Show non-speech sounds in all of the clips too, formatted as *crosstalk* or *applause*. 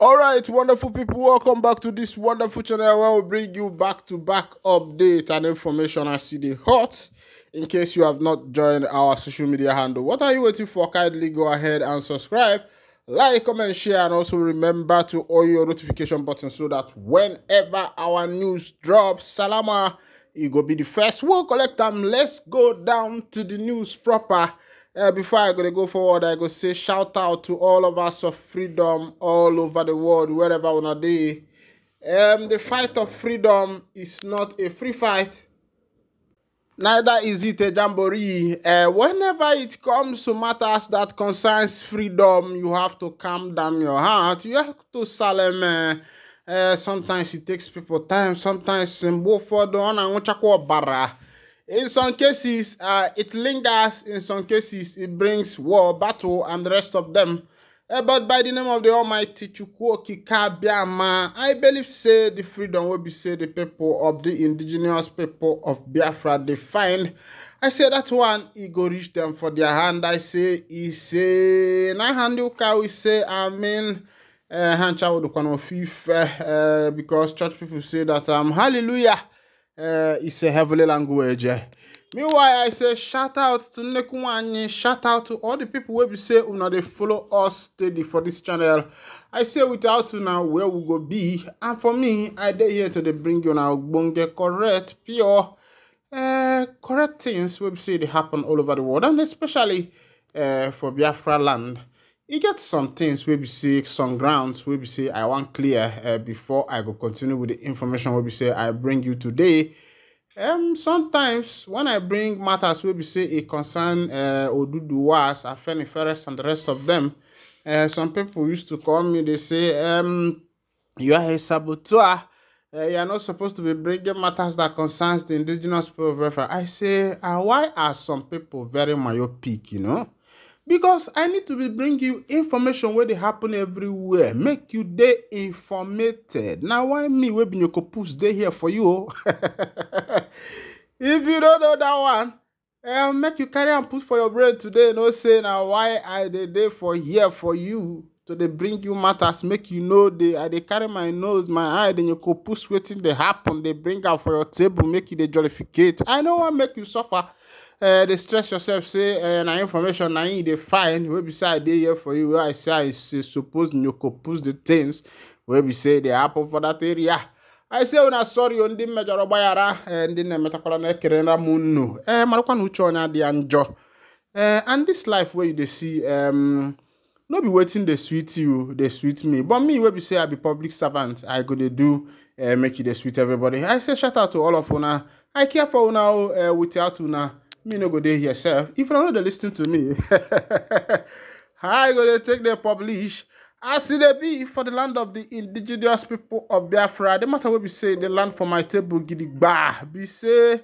all right wonderful people welcome back to this wonderful channel where we bring you back to back update and information as see the hot in case you have not joined our social media handle what are you waiting for kindly go ahead and subscribe like comment share and also remember to all your notification button so that whenever our news drops salama you go be the first we'll collect them let's go down to the news proper Uh, before I go go forward, I go say shout out to all of us of freedom all over the world, wherever we are day. Um, the fight of freedom is not a free fight. Neither is it a jamboree. Uh, whenever it comes to matters that concerns freedom, you have to calm down your heart. You have to solemn. Uh, uh, sometimes it takes people time. Sometimes um, for the one and bara. In some cases, uh, it lingers. In some cases, it brings war, battle, and the rest of them. Uh, but by the name of the Almighty Chukwuoki Kabiama, I believe say the freedom will be say the people of the indigenous people of Biafra defined. I say that one, he go reach them for their hand. I say, he say, na hand you can we say, Amen. Uh, hand child, eh, because church people say that, um, hallelujah. Uh, it's a heavenly language. Eh. Meanwhile, I say shout out to Nekunwanyi, shout out to all the people where we say una they follow us steady for this channel. I say without you now where we go be. And for me, I dey here today bring you now bonge correct, pure, uh, correct things where we say they happen all over the world and especially uh, for Biafra land e get some things wey be say some grounds wey be say i wan clear uh, before i go continue with the information wey be say i bring you today um, sometimes when i bring matters wey be say e concern uh, oduduwas afeniferes and the rest of them uh, some people used to call me they say um, you are a saboteur uh, you are not supposed to be bringing matters that concerns the indigenous people of Africa. I say, uh, why are some people very myopic, you know? because i need to be bring you information where they happen everywhere make you dey informated na why me wey bin yokopus dey here for you o oh? *laughs* if you no know that one uh, make you carry am put for your brain today know say na why i dey dey for here for you to dey bring you matters make you know dey i dey carry my nose my eye dey yokopus wetin dey happen dey bring am for your table make you dey jollificate i no wan make you suffer uh, dey stress yourself say uh, na information na you dey find wey be say i dey here for you wey i say i say suppose nyokopose the things wey be say dey happen for that area. I say una sorry o oh, ndị mmejọrọ gbaghara eh, ndị na-emetakwara na-ekerera m unu ee marakwa na uche ọnya dị ya njọ and this life wey you dey see um, no be wetin dey sweet you dey sweet me but me wey be say i be public servant i go dey do uh, make you e dey sweet everybody i say shout out to all of una i care for una o uh, without una me no go dey yourself. if una no dey lis to me *laughs* i go dey take the publish as it e be for the land of the indigenous people of biafra di matter wey be say the land for my table bah. be say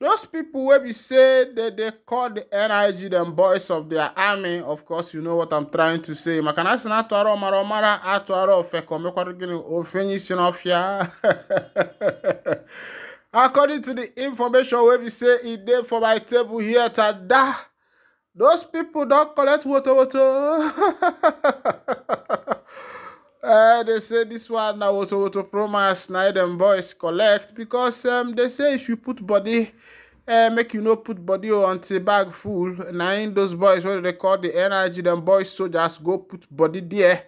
those people. wey be say that they call the nig Them boys of their army of course you know what i'm trying to say maka na asina atụara ọmara ọmara atụara ofeko *laughs* according to the information wey be say e dey for my table here tada those people don collect woto woto uh, *laughs* dey say this one na woto woto promise na e dem boys collect because um, dey say if you put body uh, make you no put body o until bag full na im those boys wey dey call the nrg Them boys soldiers go put body there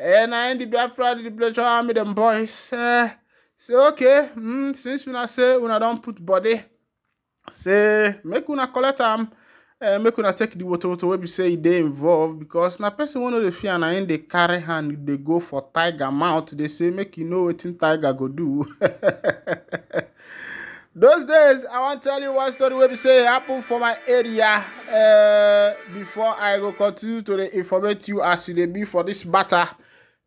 uh, na im di biafra liberation army Them boys. Uh, say okay mm, since una say una don put body say make una collect am uh, make una take the water water wey be say e dey involved because na person wey no dey fear na him dey carry hand e dey go for tiger mouth dey say make you know wetin tiger go do. *laughs* those days i wan tell you one story wey be say happen for my area uh, before i go continue to dey informate you as e dey be for this matter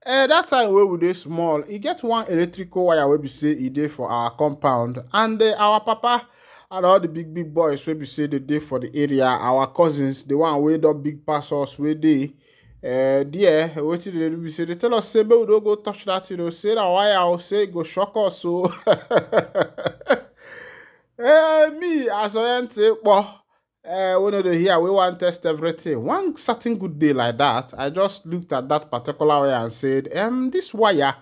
eh that time wey we dey small He get one electrical wire wey be say he did for our compound and eh, our papa and all the big big boys wey be say they did for the area our cousins the one wey don big pass us wey dey eh, there what did they say They tell us say make we don't go touch that. You o oh, say na wire o oh, say e go shock us oh. So, *laughs* eh me as I oyente kpọ uh, we know they here, we want to test everything. One certain good day like that, I just looked at that particular wire and said, um, this wire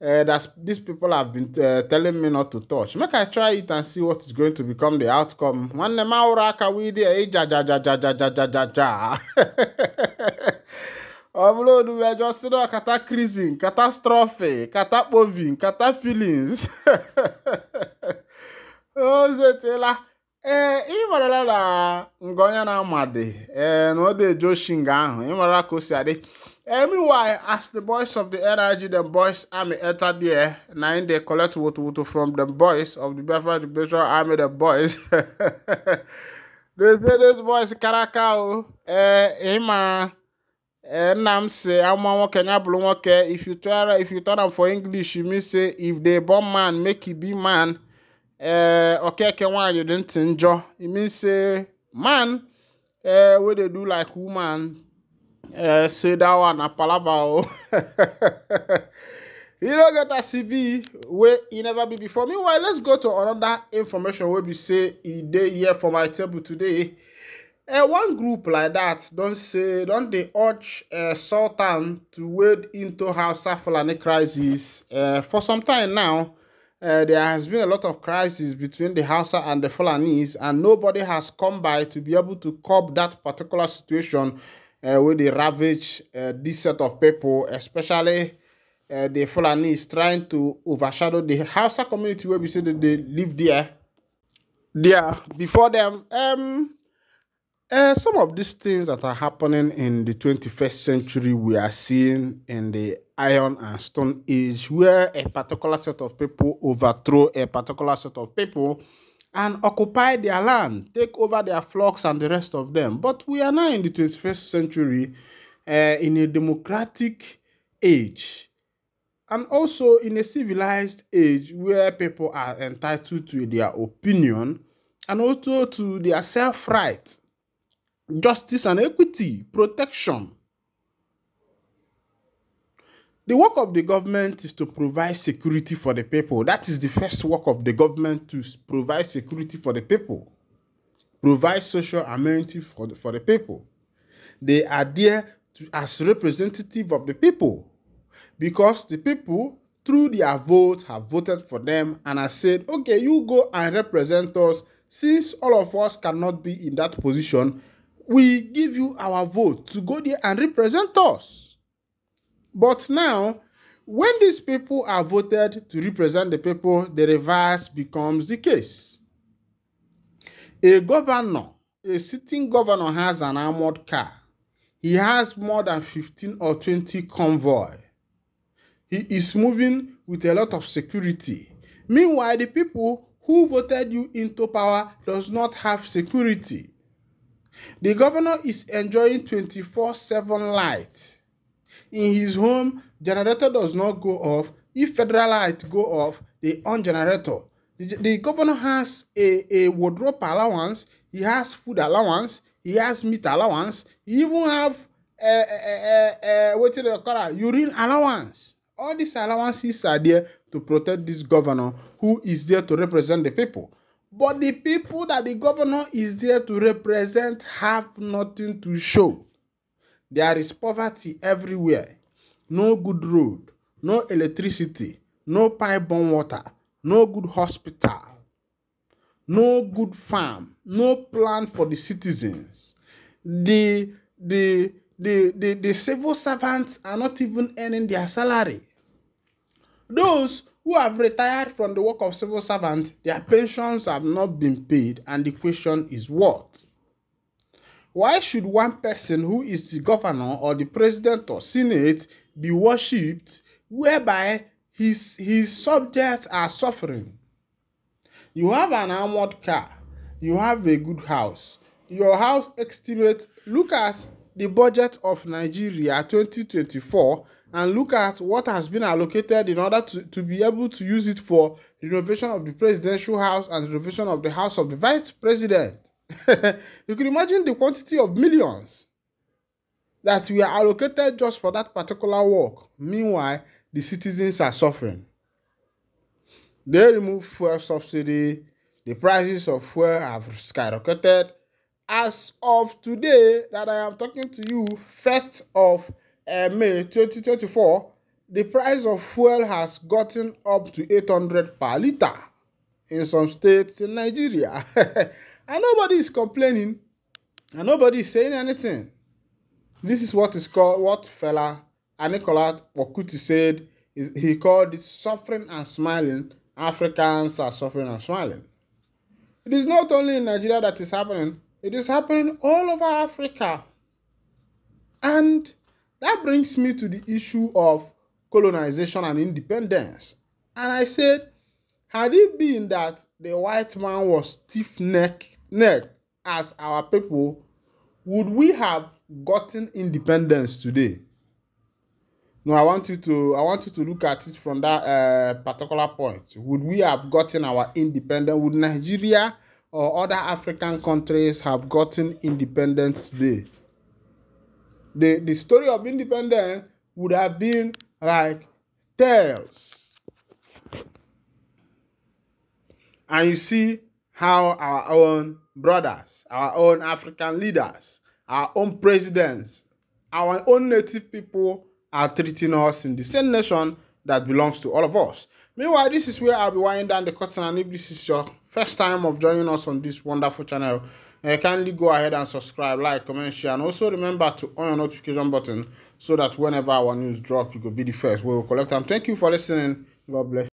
uh, that these people have been uh, telling me not to touch, make I try it and see what is going to become the outcome. One maura kawidi eh, ja ja ja ja ja ja ja ja ja. Ọmọlódù wẹ̀ jọ sínú kàtà cruising, catastrophe, kàtà poving, kàtà feelings. Ó *laughs* ee eh, ịmarala eh, na ngonya na amadi ee na ode joshi nga ahụ ịmarala ka o si adị eh, Meanwhile, as the boys of the NRG, the boys army enter there, now dey collect wotowoto from the boys of the Biafra Liberation Army, the boys. *laughs* they say these boys Karakao, eh, Ima, eh, Nam say, I'm one nwoke blue okay. If you if you turn am for English, you mean say, if they born man, make he be man. eh okeke nwanyi dị ntị njọ e mean say man eh wey dey do like woman eh say that one na palava o e no get as e be wey e never be before meanwhile let's go to another information wey be say e dey here for my table today uh, one group like that. don say don dey urge eh, sultan to wade into hausa fulani crisis eh, for some time now uh, there has been a lot of crisis between the Hausa and the Fulanese, and nobody has come by to be able to curb that particular situation uh, where they ravage uh, this set of people, especially uh, the Fulanese trying to overshadow the Hausa community where we say that they live there. There, before them, um, Uh, some of these things that are happening in the 21st century, we are seeing in the Iron and Stone Age, where a particular set of people overthrow a particular set of people and occupy their land, take over their flocks and the rest of them. But we are now in the 21st century, uh, in a democratic age, and also in a civilized age where people are entitled to their opinion and also to their self right justice and equity, protection. The work of the government is to provide security for the people. That is the first work of the government to provide security for the people, provide social amenity for the, for the people. They are there to, as representative of the people because the people, through their vote, have voted for them and have said, okay, you go and represent us. Since all of us cannot be in that position, we give you our vote to go there and represent us. But now, when these people are voted to represent the people, the reverse becomes the case. A governor, a sitting governor, has an armored car. He has more than 15 or 20 convoy. He is moving with a lot of security. Meanwhile, the people who voted you into power does not have security. The governor is enjoying 24 7 light. In his home, generator does not go off. If federal light go off, they on generator. The, the governor has a, a wardrobe allowance, he has food allowance, he has meat allowance, he even have uh, uh, uh, uh, what is it, urine allowance. All these allowances are there to protect this governor who is there to represent the people. But the people that the governor is there to represent have nothing to show. There is poverty everywhere. No good road, no electricity, no pipe water, no good hospital, no good farm, no plan for the citizens. The, the, the, the, the civil servants are not even earning their salary. Those who have retired from the work of civil servants, their pensions have not been paid, and the question is what? Why should one person who is the governor or the president or senate be worshipped whereby his, his subjects are suffering? You have an armored car, you have a good house, your house estimate, look at the budget of Nigeria 2024 and look at what has been allocated in order to, to be able to use it for renovation of the presidential house and renovation of the house of the vice president. *laughs* you can imagine the quantity of millions that we are allocated just for that particular work. Meanwhile, the citizens are suffering. They remove fuel subsidy, the prices of fuel have skyrocketed. As of today that I am talking to you, 1st of uh, May 2024, the price of fuel has gotten up to 800 per liter, in some states in Nigeria. *laughs* and nobody is complaining, and nobody is saying anything. This is what is called what fella Nicola Okuti said. Is, he called it suffering and smiling. Africans are suffering and smiling. It is not only in Nigeria that is happening, it is happening all over Africa. And That brings me to the issue of colonization and independence. And I said, had it been that the white man was stiff necked as our people, would we have gotten independence today? No, I want you to I want you to look at it from that uh, particular point. Would we have gotten our independence? Would Nigeria or other African countries have gotten independence today? the, the story of independence would have been like tales. And you see how our own brothers, our own African leaders, our own presidents, our own native people are treating us in the same nation that belongs to all of us. Meanwhile, this is where I'll be winding down the curtain. And if this is your first time of joining us on this wonderful channel, uh, kindly go ahead and subscribe, like, comment, share, and also remember to on your notification button so that whenever our news drop, you could be the first. We will collect them. Thank you for listening. God bless.